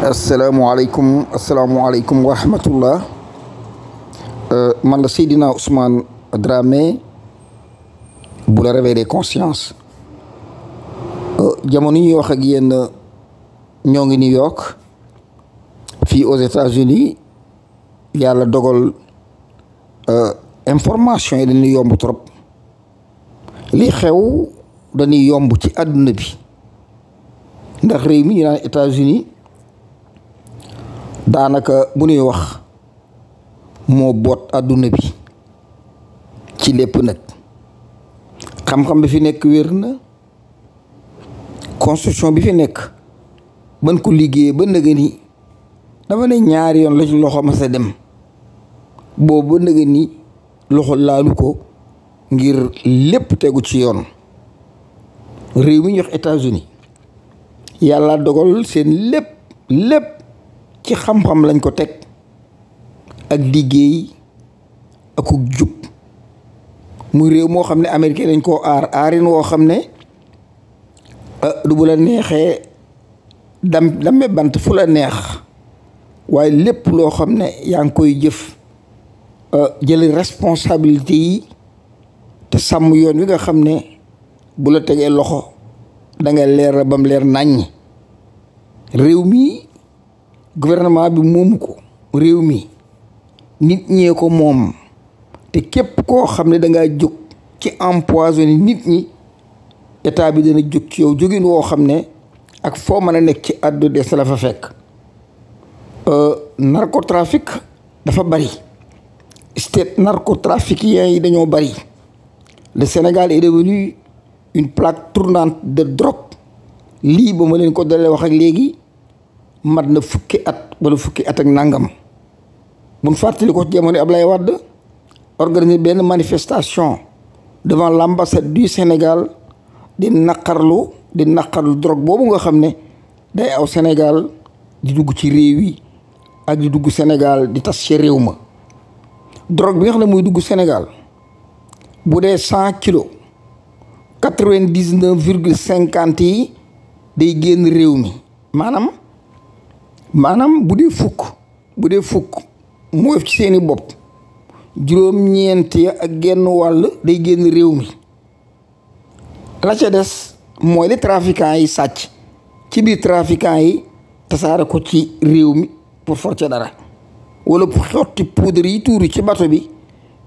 asalaamualeykum asalaamualeykum wa rahmatullah euh, man la Seydina Ousmane Dramé bu la de conscience euh, jamono ñuy wax ak yéen ñoo ngi New York fii aux États-Unis yàlla dogal euh, information yi dañuy yomb trop li xew dañuy yomb ci àdduna bi ndax réew mi ñu naan États-Unis daanaka bu ñuy wax moo boot àdduna bi ci lépp nag xam-xam bi fi nekk wér na constitution bi fi nekk ban ko liggéeyee ba nëgë ni ne ñaari yoon la ci loxo ma sa dem boobu ba nëgë ni loxo laalu ko ngir lépp tegu ci yoon réew mi ñu wax yàlla dogal seen lépp lépp ci xam-xam lañ ko teg ak liggéey akuk jub muy réew moo xam ne américain lañ koo aar aarin woo xam ne ah, du bu la neexee dam damme bant fu la neex waaye lépp loo xam ne yaa ngi koy jëf ah, jël responsabilité yi te sàmm yoon wi nga xam ne bu la tegee loxo da nga leer bam leer nàññ réew mi gouvernement bi moomu ko réew mi nit ñee ko moom te képp koo xam ne dangaa jóg ci empoisonné nit ñi état bi dana jóg ci yow jógin woo xam ne ak foo mën a nekk ci àddu des la fa fekk euh, narcotrafic dafa bari state narcotrafiquiens yi dañoo bari le Sénégal est devenu une plaque tournante de drogue lii ba ma leen ko dalee wax ak léegi mat na fukki at wala fukki at ak nangam mun fàttali ko jamono Ablaye Wade organiser benn manifestation devant l'ambassade du Sénégal di naqarlu di naqarlu drogue boobu nga xam ne day aw Sénégal di dugg ci réew yi ak di dugg Sénégal di tas ci réew ma drogue bi nga xam ne muy dugg Sénégal bu dee cent kilo quatre-vingt-dix-neuf virgule cinquante yi day génn réew mi maanaam maanaam bu dee fukk bu dee fukk mu def ci seeni bopp juróom-ñeent ya ak genn wàll day génn réew mi la ca des mooy li trafiquants yi sàcc ci biir trafiquants yi tasaare ko ci réew mi pour for ca dara walla xotti poudre yi tuuru ci bato bi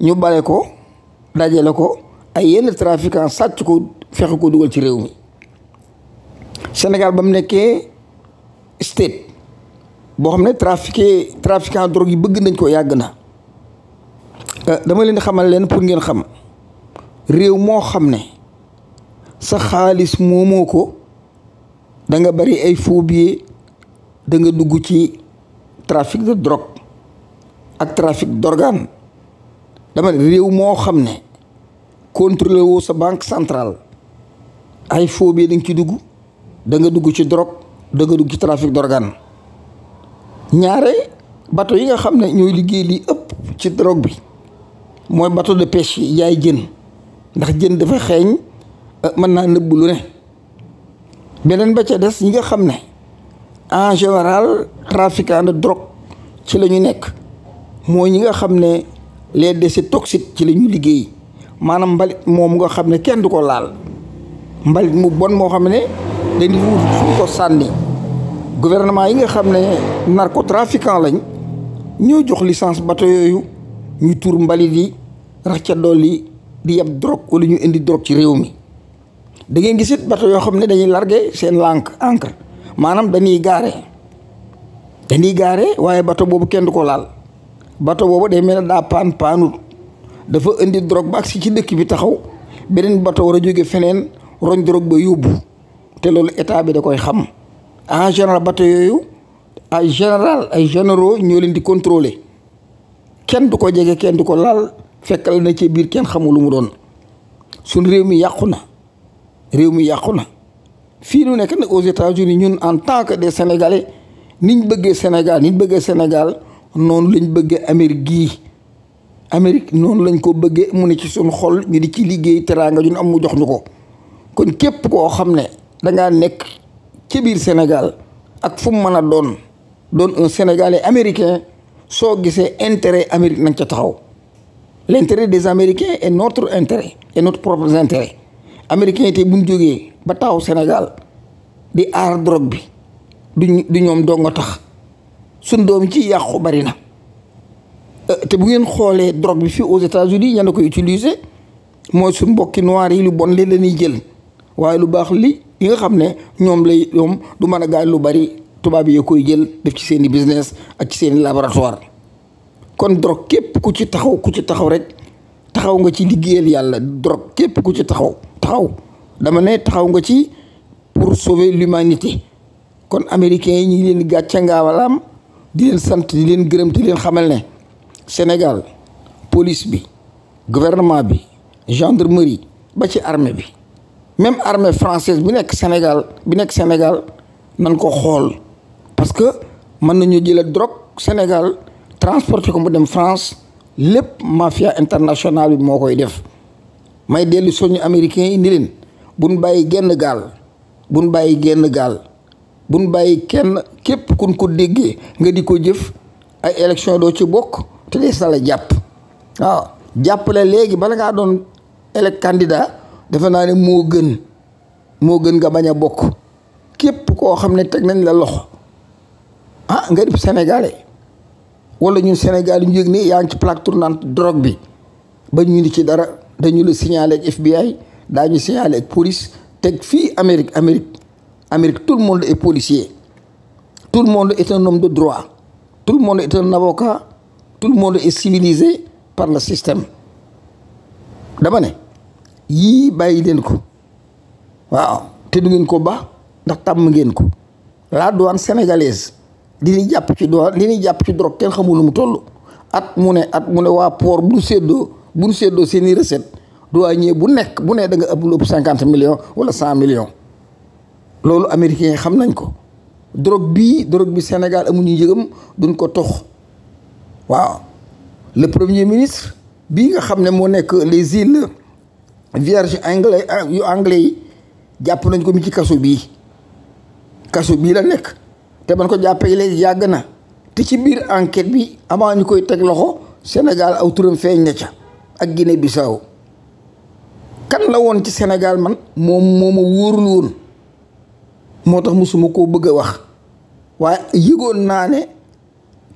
ñu bale ko dajale ko ay yenn trafiquants sàcc ko fexe ko dugal ci réew mi Sénégal ba mu nekkee state boo xam ne trafiqué trafiquant drogue yi bëgg nañ ko yàgg na euh, dama leen xamal leen pour ngeen xam réew moo xam ne sa xaalis moomoo ko da nga bari ay phobie da nga dugg ci trafic de drogue ak trafic d'organe dama ne réew moo xam ne contrôlé woo sa banque centrale ay phobie da nga ci dugg danga dugg ci drogue da nga dugg ci trafic d'organe ñaare bateau yi nga xam ne ñooy liggéey lii ëpp ci drogue bi mooy bateau de pêche yi yaay jën ndax jën dafa xeeñ euh, mën naa nëbb lu ne beneen ba ca des ñi nga xam ne en général trafiquant de drogue ci la ñu nekk moo ñi nga xam ne les déchets toxiques ci lañuy ñu liggéey maanaam mbalit moom nga xam ne kenn du ko laal mbalit mu bon moo xam ne dañu wut fu ko sànni gouvernement yi nga xam ne narcotrafiquant lañ ñëw jox lissance bato yooyu ñu tuur mbalit yi rax ca dolli di yab drogue wala ñuy indi drog ci réew mi da ngeen gis it bato yoo xam ne dañuy largué seen lànk encre maanaam dañuy gaare dañuy gaare waaye bato boobu kenn du ko laal bato boobu day mel ne daa paan paanut dafa indi drogue ba si ci dëkk bi taxaw beneen bato war a jóge feneen roñ drog ba yóbbu te loolu état bi da koy xam en général bateau yooyu ay général ay généraux ñoo leen di contrôler kenn du ko jege kenn du ko laal fekkal na ci biir kenn xamul lu mu doon suñ réew mi yàqu na réew mi yàqu na fii nu nekk nag aux États-Unis ñun en tant que des sénégalais niñ bëggee Sénégal niñ bëggee Sénégal noonu lañ bëggee Amérique gii Amérique noonu lañ ko bëggee mu ne ci suñ xol ñu di ci liggéey teraanga ñun am mu jox ñu ko kon képp koo xam ne dangaa nekk ci biir Sénégal ak fu mu mën a doon doon un Sénégalais américain soo gisee intérêt Amérique nañ ca taxaw l' intérêt des Américains et notre intérêt et notre propre intérêt américain tey bu ñu jógee ba taxaw Sénégal di aar drogue bi du du ñoom doo nga tax suñ doom ci yàqu bari na euh, te bu ngeen xoolee drogue bi fi aux États-Unis ña na koy utiliser mooy suñ mbokki noir yi lu bon li lañuy jël waaye lu baax li yi nga xam ne ñoom lay ñoom du mën a gaañ lu bari tubaab yi koy jël def ci seeni business ak ci seeni laboratoire kon drogue képp ku ci taxaw ku ci taxaw rek taxaw nga ci liggéeyal yàlla drogue képp ku ci taxaw taxaw dama ne taxaw nga ci pour sauver l'humanité kon américains yi ñu ngi leen gàcce ngaawalaam di leen sant di leen gërëm di leen xamal ne Sénégal police bi gouvernement bi gendarmerie ba ci armee bi même armée française bi nekk Sénégal bi nekk Sénégal nan ko xool parce que mën nañu jëlee drogue Sénégal transporté ko mu dem France lépp mafia internationale bi moo koy def may dellu soñu américains yi ni leen buñ bàyyi genn gaal buñ bàyyi genn gaal buñ bàyyi kenn képp kun ko déggee nga di ko jëf ay élection doo ci bokk te des na la jàpp waaw jàppale léegi bala ngaa doon élect candidat defe naa ne moo gën moo gën nga bañ a bokk képp koo xam ne teg nañ la loxo ah nga def sénégalais wala ñun sénégalais ñu yëg ne yaa ngi ci plaque tournante drogue bi ba ñu ni ci dara dañu la signalé ak FBI daañu signalé ak police teg fii Amérique Amérique Amérique tout le monde est policier tout le monde est un de droit tout le monde est un tout le monde est civilisé par le système dama ne yii bàyyi leen ko waaw te du ngeen ko baax ndax tàmm ngeen ko la douane sénégalaise li ñuy jàpp ci douane li ñuy jàpp ci drogue kenn xamul lu mu toll at mu ne at mu ne waa poor bu séddoo bu ñu séddoo seen i recette douanier bu nekk bu ne da nga ëpp lu ëpp cinquante million wala cent million loolu américains xam nañ ko drogue bii drogue bi Sénégal amuñu njëgam duñ ko tox waaw le premier ministre bii nga xam ne moo nekk les îles vierge anglais ah, yu anglais yi jàpp nañ ko mi ci kaso bii kaso bii la nekk te man ko jàppee léegi yàgg na te ci biir enquête bi amaa ñu koy teg loxo Sénégal aw turam feeñ na ca ak Guinée Bissau kan la woon ci Sénégal man moom moo ma wóorul woon moo tax mosuma koo bëgg a wax waaye yëgoon naa ne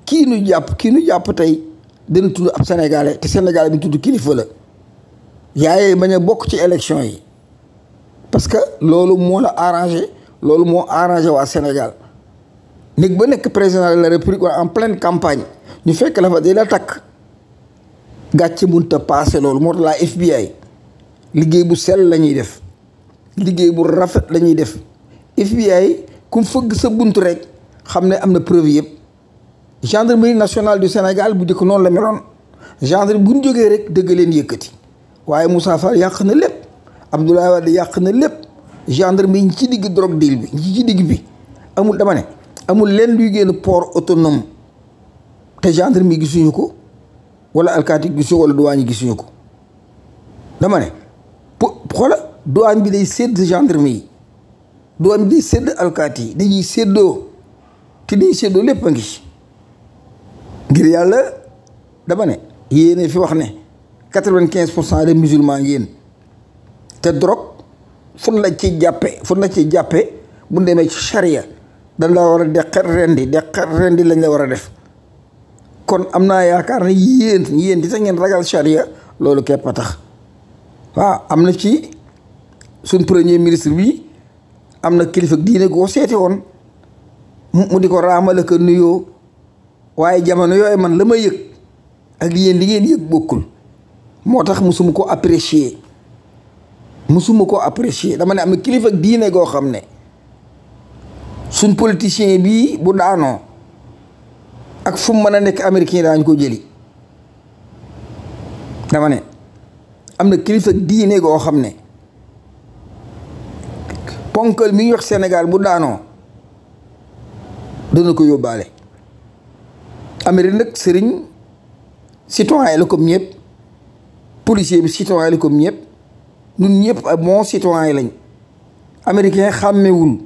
kii nu jàpp kii nu jàpp tey dana tudd ab sénégalais te sénégalais bi tudd kilifa la. yaayee bañ a bokk ci élection yi parce que loolu moo la arrangé loolu moo arrangé waa Sénégal néeg ba nekk président de la république en pleine campagne ñu fekk la fa di la takk gàcce mënut a passé loolu moo tax la FBI liggéey bu sell la ñuy def liggéey bu rafet la ñuy def FBI ku fëgg sa bunt rek xam ne am na preuve yëpp gendarmerie national du Sénégal bu njëkk noonu la meloon genre bu ñu jógee rek dëgg leen yëkkati. waaye Moussa Fall yàq na lépp Abdoulaye Wade yàq na lépp gendarme yi ci digg drogue deal bi ñi ci digg bi amul dama ne amul lenn luy génn port autonome te gendarme yi gisuñu ko wala alkaati gisuñu walla douane yi gisuñu ko dama ne xoola douane bi day sédd gendarme yi douane bi day sédd alkaati yi dañuy séddoo te dañuy lépp a ngi ngir yàlla dama ne yéene fi wax ne quatre-vingt-quinze pour cent des musulmans ngeen te drogue fun la ci jàppe fun la ci jàppe bu demee ci charia dañ la war a deqal rendi deqal rendi lañ la war a def kon am naa yaakaar ne yéen yéen di tax ngeen ragal charia loolu képp a tax waaw am na ci suñ premier ministre bi am na kilifa diine goo seeti woon mu di ko raamale ko nuyoo waaye jamono yooyu man la ma yëg ak yéen li ngeen yëg bokkul moo tax musuma ko apprécier musuma ko apprécier dama ne am na kilifa diine goo xam ne suñ politicien bii bu daanoo ak fum mu mën a nekk américain daañu ko jëli dama ne am na kilifa diine goo xam ne ponkal mi ñu wax senegal bu daanoo dana ko yóbbaale Amérique nag sëriñ citoyen la comme ñëpp policier bi citoyen la comme ñëpp ñun ñëpp bon citoyen lañ americain xàmmewul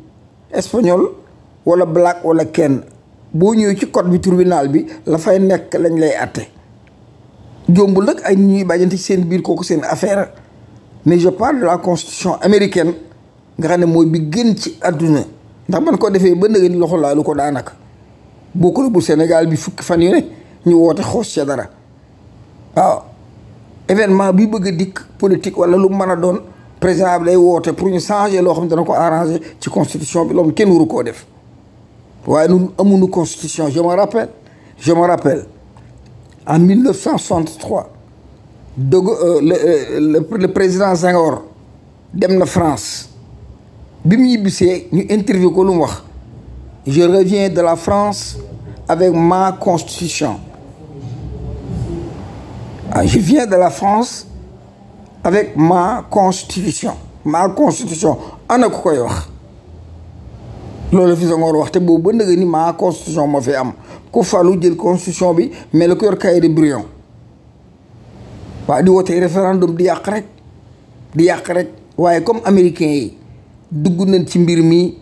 espagnol wala black wala kenn boo ñëwee ci code bi tribunal bi la fay nekk lañ lay atte jombul nag ay ñuy bàjjante ci seen biir kooku seen affaire mais je parle de la constitution americain nga xam ne mooy bi gën ci àdduna ndax man ko defee ba nëgën loxo laalu ko daanaka bokkul bu Sénégal bi fukki fan yi ne ñu woote xoos ca dara événement bi bëgg a dikk politique wala lu mën a doon président bi lay woote pour ñu changer loo xam ne dana ko arranger ci constitution bi loolu kenn waru koo def waaye ñun amuñu constitution je me rappelle je me rappelle en 1963 Dogo euh, euh, le le président Senghor dem na France bi mu ñibbisee ñu interview ko lu mu wax je reviens de la France avec ma constitution. je viens de la France avec ma constitution ma constitution ana ku koy wax loolu fi Senghor wax te boobu ba ndëgg ni ma constitution moo fi am ku falu jël constitution bi mais la ko yor cahier de brouillon waa di wootee référendum di yàq rek di yàq rek waaye comme americain yi dugg nañ ci mbir mi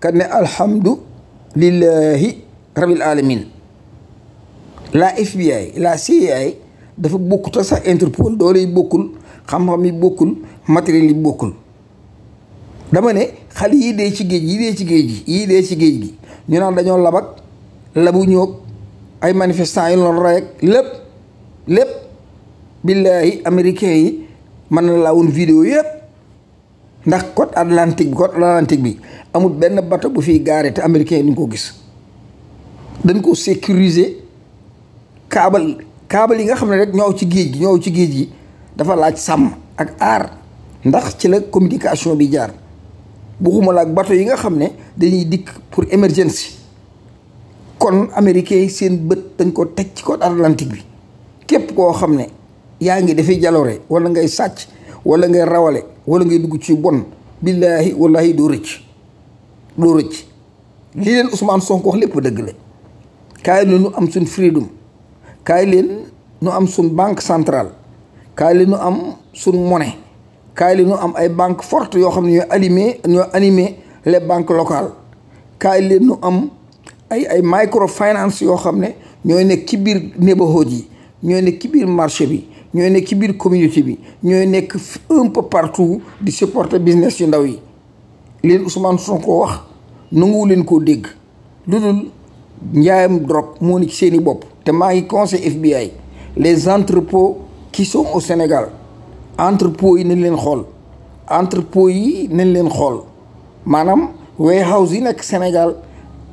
kat ne alhamdulillahi rabbil alamin la FBI dafa bokkut sax Interpol doole bokkul xam-xam bokkul matériel yi bokkul dama ne xale yii dee ci géej yii dee ci géej gi yii dee ci géej gi ñu naan dañoo labak labu ñoog ay manifestants yu loon lépp lépp billaahi américains yi mën na laa woon vidéo yëpp ndax côte atlantique bi côte atlantique bi amul benn bato bu fiy gaare te américains yi duñ ko gis dañ ko sécuriser kaabal kaabal yi nga xam ne rek ñoo ci géej gi ñoo ci géej gi dafa laaj sàmm ak aar ndax ci la communication bi jaar buxuma la ak bateau yi nga xam ne dañuy dikk pour émergence kon américain yi seen bët dañ ko teg ci côte atlantique bi képp koo xam ne yaa ngi dafay jaloore wala ngay sàcc wala ngay rawale wala ngay dugg ci bon billaahi wallaahi doo rëcc doo rëcc li leen Ousmane Sonko wax lépp dëgg la kaay la ñu am suñ freedom kaay leen nu am suñ banque centrale kaay leen nu am suñ monnaie kaay leen nu am ay banque forte yoo xam ne ñooy anime ñoo animé les banques locales kaay leen nu am ay ay microfinance yoo xam ne ñooy nekk ci biir neighborhood yi ñooy nekk ci biir marché bi ñooy nekk ci biir communauté bi ñooy nekk un peu partout di supporter business yu ndaw yi leen Ousmane koo wax nanguwu leen koo dégg njaayam drogue moo ni seen i bopp te maa ngi conseil FBI les entrepôts qui sont au Sénégal entrepôts yi nañ leen xool entrepôts yi nañ leen xool maanaam warehouse yi nekk Sénégal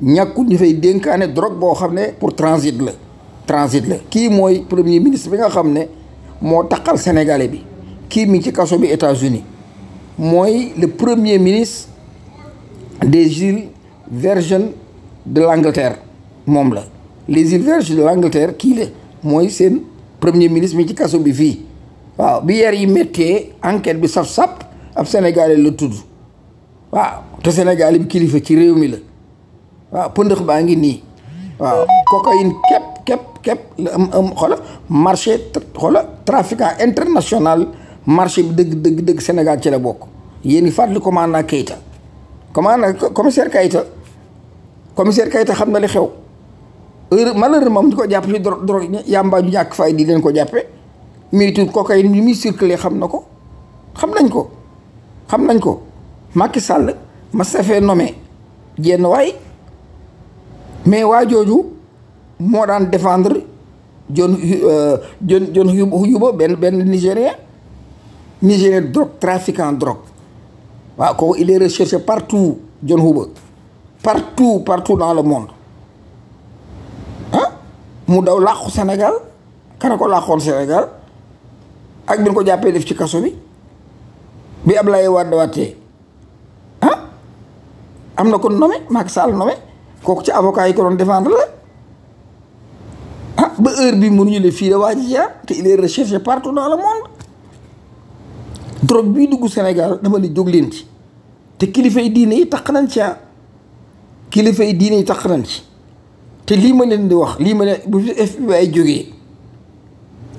ñàkku ñu fay dénkaane drogue boo xam ne pour transit la transit la kii mooy premier ministre bi nga xam ne moo taqal sénégalais bi kii mi ci kaso bi États-Unis mooy le premier ministre des îles Vierges de l'Angleterre moom la les îles Vierges de l'Angleterre kii la mooy seen premier ministre mi ci kaso bi fii waaw bi yer yi méttee enquête bi saf-sap ab sénégalais la tudd waaw te sénégalais bi kilifa ci réew mi la waaw pëndëx baa ngi nii waaw cocaïne képp képp képp la am am xoola marché xoola trafiquant international marché bi dëgg dëgg dëgg Sénégal ci la bokk yéen i fàttali commandant Keita commandant commissaire Keita commissaire xam na li xew heure malheureusement ñu ko jàpp ci drogue ñi yàmbaa ñu ñàkk fay di leen ko jàppee mais tout cocaïne bi muy xam na ko xam nañ ko xam nañ ko Macky Sall ma safee nommé jenn waay mais waa jooju moo daan défendre John euh, John John Yuba benn benn Nigérien Nigérien drogue trafiquant drogue waaw kooku il est recherché partout John Yuba partout partout dans le monde mu daw làqu Sénégal kana ko Sénégal ak bi ñu ko jàppee def ci kaso bi bi Ablaye Wade waatee ah am na kon nommé Macky Sall nommé kooku ci avocat yi ko doon défendre la ah ba heure bi mënuñu le fii la waa ji jaar te il est recherché partout dans le monde drogue bii dugg Sénégal dama ne jóg ci te kilifa yi diine yi tax nañ ci ah kilifa yi diine yi taq nañ ci. Ah, te lii ma leen di wax lii ma leen bu fi FBI jógee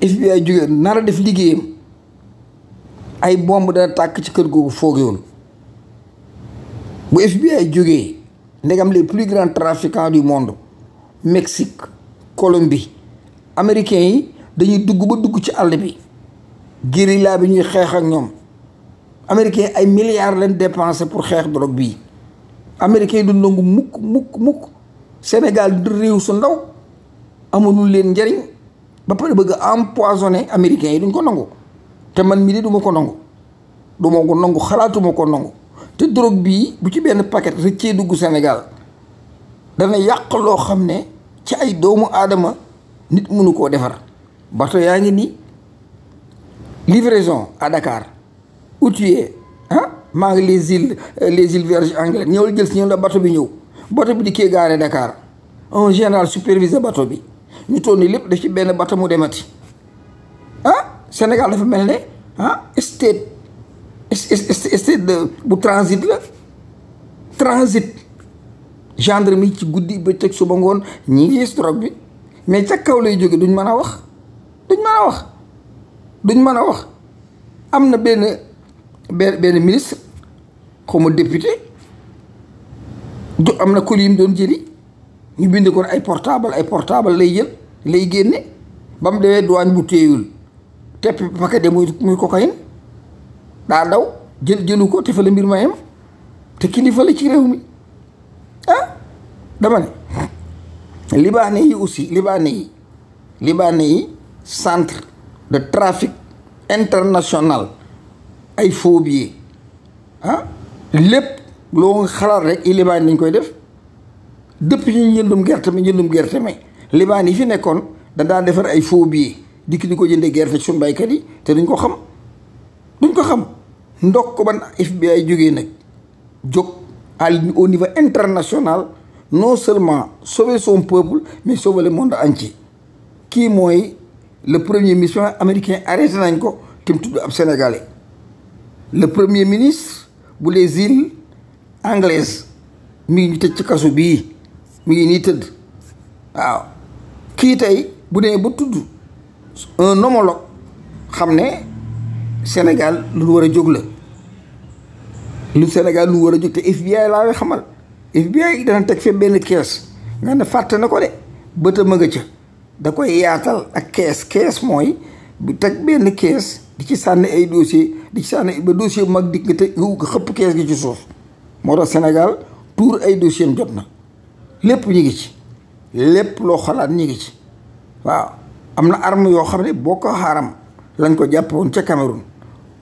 FBI jógee nar a def liggéeyam ay bomb dana tàkk ci kër googu foogewul bu FBI jógee ndegam les plus grands trafiquants du monde Mexique Colombie américains yi dañuy dugg ba dugg ci àll bi guérilla bi ñuy xeex ak ñoom américains ay milliards leen dépensé pour xeex drogue bii américains yi du nangu mukk mukk mukk Sénégal du réew su ndaw amulul leen njariñ ba pare bëgg a empoisonné américains yi duñ ko nangu te man mii de du ma ko nangu du ma ko nangu xalaatuma ko nangu te drogue bii bu ci benn paquet rëccee dugg Sénégal dana yàq loo xam ne ci ay doomu aadama nit mënu koo defar bato yaa ngi nii livraison à Dakar outillé ah maa ngi les îles les îles Vierges anglaises ñëwal jël si ñëw la bato bi ñëw bato bi di kee gaare Dakar un général superviser bato bi ñu tool ni lépp daf ci benn bato mu demati ah Sénégal dafa mel ne ah state state bu transit la transit genre yi ci guddi ba teg suba ngoon ñi ngi gis bi mais ca kaw lay jóge duñ mën a wax duñ mën a wax duñ mën a wax am na benn benn benn ministre xaw ma député du am na colis doon jëli ñu bind ko ay portable ay portable lay jël lay génne ba mu demee douane bu téyewul tepp paquet muy muy cocaïne daa daw jëlu ko te fa mbir ma yem te kilifa la ci réew mi ah dama ne yi aussi libaane yi libaane yi centre de trafic international ay faux billets ah lépp loo xalaat rek i libaan dañ koy def dëpp ñu njëndum gerte mi njëndum gerte mi libaan yi fi nekkoon dañ daan defar ay faux billets dikk di ko jëndee gerte ci suñu baykat yi te duñ ko xam duñ ko xam ndox ko ban FBI jógee nag jóg à au niveau international non seulement sauver son peuple mais sauver le monde entier kii mooy le premier ministre américain arrêté nañ ko te mu tudd ab sénégalais le premier ministre bu les îles anglaise mi ngi ñu ci kasu bii mi ngi nii tëdd waaw kii tey bu dee ba tudd un homologue xam ne Sénégal lu war a jóg la lu Sénégal lu war a jóg te FBI laa lay xamal FBI dana teg fe benn kees nga ne fàtte na ko de bëtam a nga ca da koy yaatal ak kees kees mooy bu teg benn kees di ci sànni ay dossier di ci sànni ba dossier mag dikk nga xëpp kees gi ci suuf moo tax Sénégal tuur ay dossier jot na lépp ñu gi ci lépp loo xalaat ñi ngi ci waaw am na arme yoo xam ne Boko Haram lañ ko jàppe woon ca Cameroun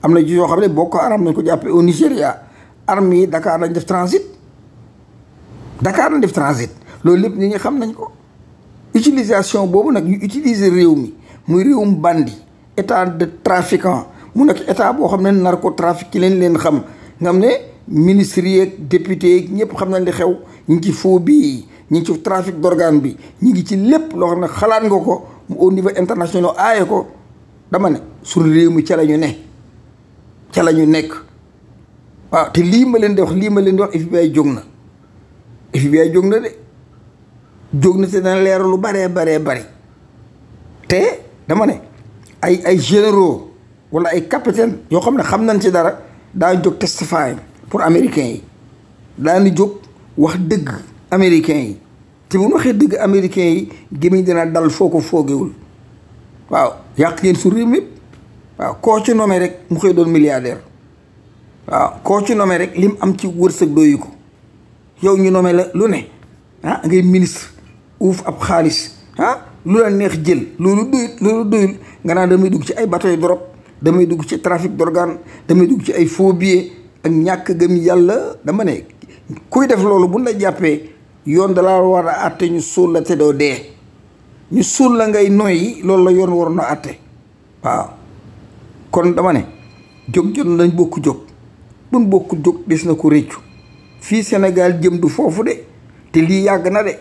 am na ji yoo xam ne Boko Haram lañ ko jàppe au Nigéria arme yi Dakar lañ def transit Dakar lañ def transit loolu lépp ñi ngi xam nañ ko utilisation boobu nag ñu utiliser réew mi muy réewum bandi état de trafiquant mu nekk état boo xam ne narcotrafic ci leen leen xam nga xam ne ministre yeeg député yeeg ñëpp xam nañ di xew ñu ci faux bii ñu ngi ci trafic d'organe bi ñu ngi ci lépp loo xam ne xalaat nga ko au niveau international aaye ko dama ne suñu réew mi ca la ñu ne ca la ñu nekk waaw te lii ma leen di wax lii ma leen di wax FBI jóg na FBI jóg na de jóg na te dana leer lu baree baree bari te dama ne ay ay généraux wala ay capitaine yoo xam ne xam nañ ci dara daa jóg testify pour américain yi daani jóg wax dëgg américain yi te bu ñu waxee dëgg américain yi gémmiñ dina dal foo ko foogewul waaw yàq ngeen su réew mi waaw koo ci rek mu koy doon milliardaire waaw koo ci rek lim am ci wërsëg doyu ko yow ñu nommé la lu ne ah ngay ministre uuf ab xaalis ah lu la neex jël loolu doyut loolu doyul nga naan damay dugg ci ay bateau drogue damay dugg ci trafic d'organe damay dugg ci ay faux ak ñàkk gëm yàlla dama ne kuy def loolu bu la jàppee yoon da war a àtte ñu suul la te doo dee ñu suul la ngay noyyi loolu la yoon waroon a àtte waaw kon dama ne jóg jot nañ bokk jóg buñ bokk jóg des na ko réccu fii senegal jëm du foofu de te lii yàgg na de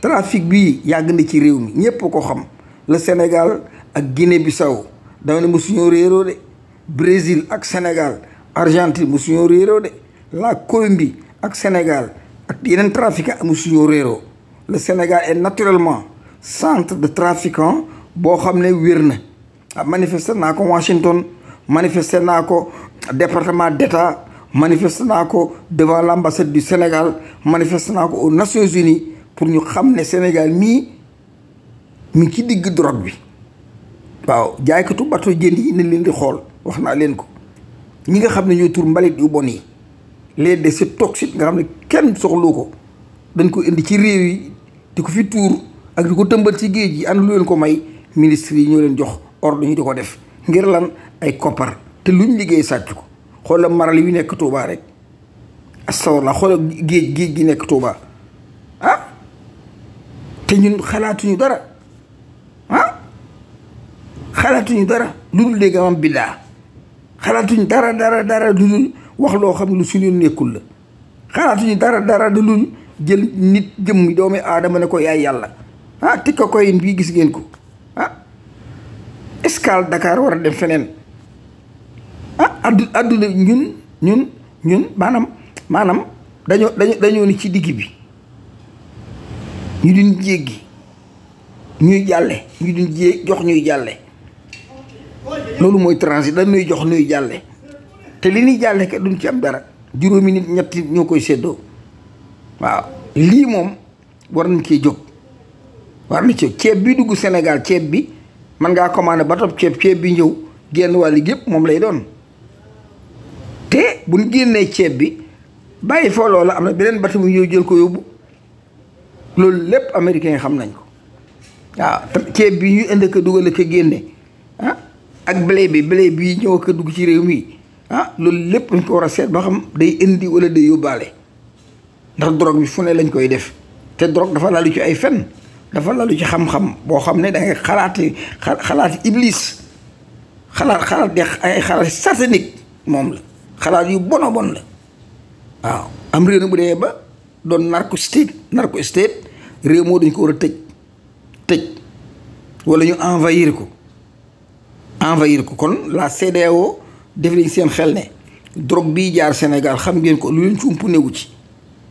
trafic bii yàgg na ci réew mi ñépp ko xam la senegal ak gine Bissau dama ne mosuñoo réeroo de Brésil ak senegal Argentine mu suñoo réeroo de la Colombie ak Sénégal ak yeneen trafiquants mu suñoo réeroo le Sénégal est naturellement centre de trafiquants boo xam ne wér na ah manifester naa ko Washington manifester naa ko département d'État manifester naa ko devant l'ambassade du Sénégal manifester naa ko au Nations Unies pour ñu xam ne Sénégal mii mi ngi ci digg drogue bi waaw jaaykatu bateau jën yi ne leen di xool wax naa leen ko ñi nga xam ne ñooy tur mbalit yu bon yi les déchets toxiques nga xam ne kenn soxloo ko dañ ko indi ci réew yi di ko fi tuur ak di ko tëmbal ci géej yi ana lu leen ko may ministre yi ñoo leen jox ordre ñu di ko def ngir lan ay koppar te luñ liggéey sàcc ko xoolal maral yu nekk Touba rek astawar la xoolal géej géej gi nekk Touba ah te ñun xalaatuñu dara ah xalaatuñu dara lu dul léegi am biddaa xalaatuñ dara dara dara du dul wax loo xam ne lu suñu nekkul la xalaatuñ dara dara du dul jël nit jëmm doomi aadama ne ko yaay yàlla ah tikka koy bii gis ngeen ko ah escale dakaar war a dem feneen ah addu adduna ñun ñun ñun maanaam maanaam dañoo dañoo dañoo ci digg bi ñu duñ jéggi ñuy jàlle ñu duñ jé jox ñuy jàlle loolu mooy transit dañ nuy jox nuy jàlle te li ñuy jàlle kat duñ ci am dara juróomi nit ñetti ñoo koy seddoo waaw lii moom war nañ cee jóg war nañ ceeb bi dugg Sénégal ceeb bi man ngaa commandé ba ceeb ceeb bi ñëw génn wàll gépp moom lay doon te bu ñu génnee ceeb bi bàyyi foo loolu am na beneen bati bu ñëw jël ko yóbbu loolu lépp americain yi xam nañ ko waaw ceeb bi ñu indi ko dugal ko génne ah ak blé bi blé bii ñëw ko dugg ci réew mi ah loolu lépp dañ ko war a seet ba xam day indi wala day yóbbaale ndax drogue bi fu ne lañ koy def te drogue dafa lalu ci ay fen dafa lalu ci xam-xam boo xam ne da ngay xalaati xalaati iblis xalaat xalaat de xalaat satanique moom la xalaat yu bono bon la waaw am réew na bu dee ba doon narco state narco state réew moo dañ ko war a tëj tëj wala ñu envahir ko envahir ko kon la CEDEAO def nañ seen xel ne drogue bii jaar Sénégal xam ngeen ko lu leen ci ump newu ci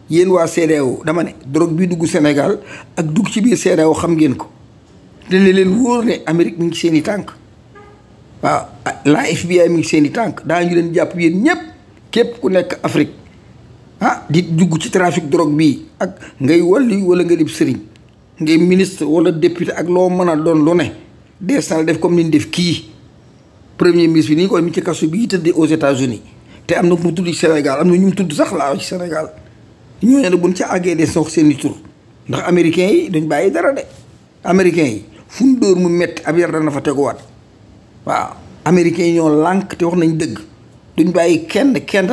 yéen waa CEDEAO dama ne drogue bii dugg Sénégal ak dugg ci biir CEDEAO xam ngeen ko dina leen wóor ne Amérique mi ngi seen i tànk waaw la FBI mi ngi seen i tànk daañu leen jàpp yéen ñëpp képp ku nekk Afrique ah di dugg ci trafic drogue bii ak ngay walli wala nga dib sëriñ ngay ministre wala député ak loo mën a doon lu ne dees def comme ni def kii premier ministre bi ni ñu koy mi ci kaso bi tëddee aux États-Unis te am na ku mu tudd ci Sénégal am na ñu mu tudd sax laa ci Sénégal ñooñu ne buñ ci àggee de sox seen i tur ndax américain yi dañ bàyyi dara de. américains yi fu mu dóor mu métti ab yar dana fa waaw américains yi ñoo lànk wax nañ dëgg duñ bàyyi kenn kenn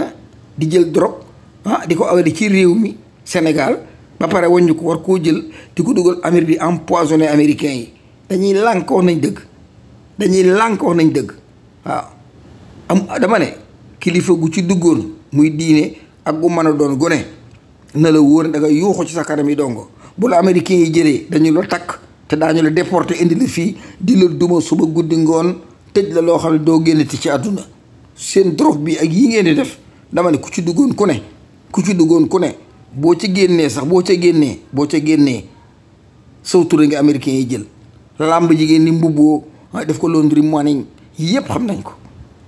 di jël drogue ah di ko awale ci réew mi Sénégal ba pare waññu ko war koo jël di ko dugal Amérique di empoisonné américains yi dañuy lànk wax nañ dëgg. dañuy lànk wax nañ dëgg waaw am dama ne kilifa gu ci duggoon muy diine ak gu mën a doon gone na la wóor da nga yuuxu ci sa kanam yi dongo bu la américain yi jëlee dañu la takk te daañu la déporté indi la fii di la duma suba guddi ngoon tëj la loo xam ne doo génnati ci àdduna seen drogue bi ak yi ngeen di def dama ne ku ci duggoon ku ne ku ci duggoon ku ne boo ci génnee sax boo ca génnee boo ca génnee sawtura nga américain yi jël lamb jigéen ni mbubboo ah, def ko loon morning yii yëpp xam nañ ko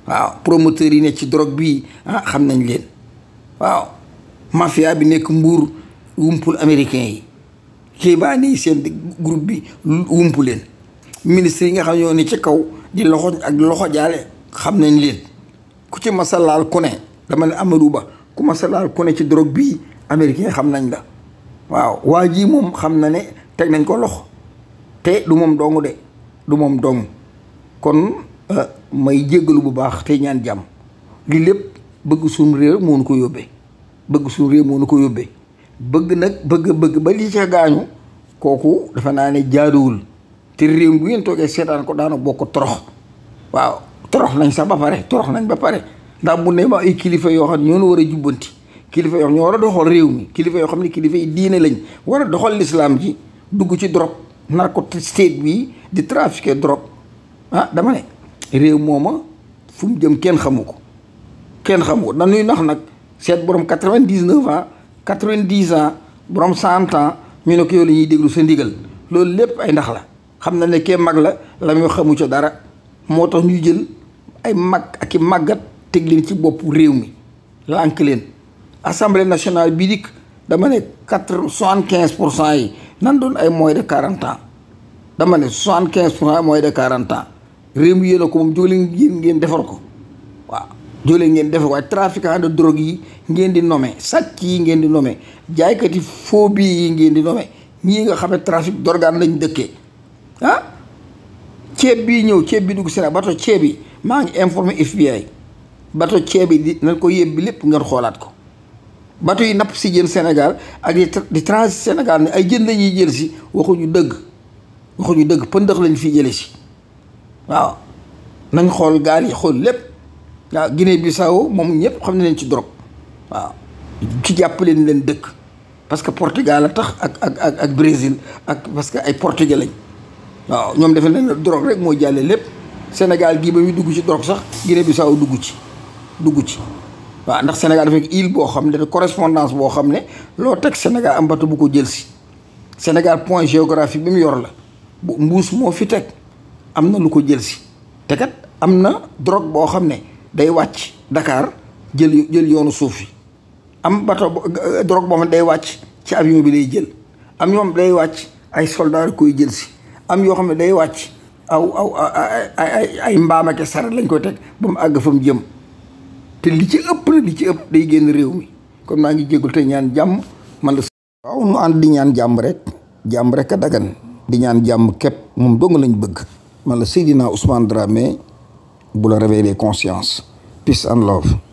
waaw promoteurs yi ne ci drogue bi ah xam nañ leen waaw mafia bi nekk mbuur wumpul américain yi kéebaane yi seen groupe bi wumpu leen ministre yi nga xam ñoo ne ci kaw di loxo ak loxo jaale xam nañ leen ku ci masalaal ku dama ne Amadou Ba ku masalaal ku ne ci drogue bii américain xam nañ la waaw waa jii moom xam na ne teg nañ ko loxo te du moom dong de du moom dong kon Ah, may jéggalu bu baax te ñaan jàmm li lépp bëgg suñu réew moo nu ko yóbbee bëgg suñu réew moo nu ko yóbbee bëgg nag bëgg bëgg ba li ca gaañu kooku dafa naa ne jaaduwul te réew bu ngeen toogee seetaan ko daana bokk torox waaw torox nañ sax ba pare torox nañ ba pare ndax bu ne ma ay kilifa yoo xam ne ñoo war a jubbanti kilifa yoo xam ñoo war a doxal réew mi kilifa yoo xam ne kilifa yi diine lañ war a doxal lislaam ji dugg ci drogue narco state bi di trafiquer drogue ah dama ne réew mooma fu mu jëm kenn xamu ko kenn xamu ko dañuy nax nag seet borom quatre-vingt-dix-neuf ans quatre-vingt-dix ans borom cent ans ñu ne ko yow la ñuy déglu sa ndigal loolu lépp ay ndax la xam na ne kee mag la la muy xamu co dara moo tax ñuy jël ay mag ak i màggat teg leen ci boppu réew mi lànk leen assemblée nationale bii dikk dama ne quatre soixante quinze pour cent yi nan doon ay moins de quarante ans dama ne soixante quinze pour cent mooy de quarante ans réew mi yéen ko moom jóg leen ngeen defar ko waaw jóg ngeen defar ko waaye trafiquant drogue yi ngeen di nommer sàcc yi ngeen di nommer jaaykat yi phobie yi ngeen di nommer ñi nga xam ne trafic d'organe lañ dëkkee ah ceeb bi ñëw ceeb bi dugg Sénégal bato ceeb yi maa ngi informé FBI bato ceeb yi di nañ ko yebbi lépp ngeen xoolaat ko bato yi napp si jën Sénégal ak di transit Sénégal ne ay jën lañuy jël si waxuñu dëgg waxuñu dëgg pëndëx lañu fi jële si waaw nañ xool gaal yi xool lépp waaw Guinée Bissau moom ñëpp xam ne leen ci drogue waaw ci jàpp leen leen dëkk parce que Portugal a tax ak ak ak ak Brésil ak parce que ay portugais lañ waaw ñoom defe nañ drogue rek moo jàlle lépp Sénégal gii ba muy dugg ci drogue sax Guinée Bissau dugg ci dugg ci waa ndax Sénégal dafa nekk île boo xam ne correspondance boo xam ne loo teg Sénégal am bato bu ko jël si Sénégal point géographique bi mu yor la bu mbuus moo fi teg am na lu ko jël si te kat am na drogue boo xam ne day wàcc dakaar jël jël yoonu suuf yi am bato euh, drogue boo xam ne day wàcc ci avion bi lay jël am yoom day wàcc ay soldat koy jël si am yoo xam ne day wàcc aw aw ay ay mbaam ak saret lañ koy teg ba mu àgg fa mu jëm te li ci ëpp na li ci ëpp day génn réew mi kon maa ngi jégul te ñaan jàmm man la waaw nu ànd di ñaan jàmm rek jàmm rek a dagan di ñaan jàmm képp moom dong lañ bëgg man la Seydina Ousmane Dramé bu la réveiller conscience peace and love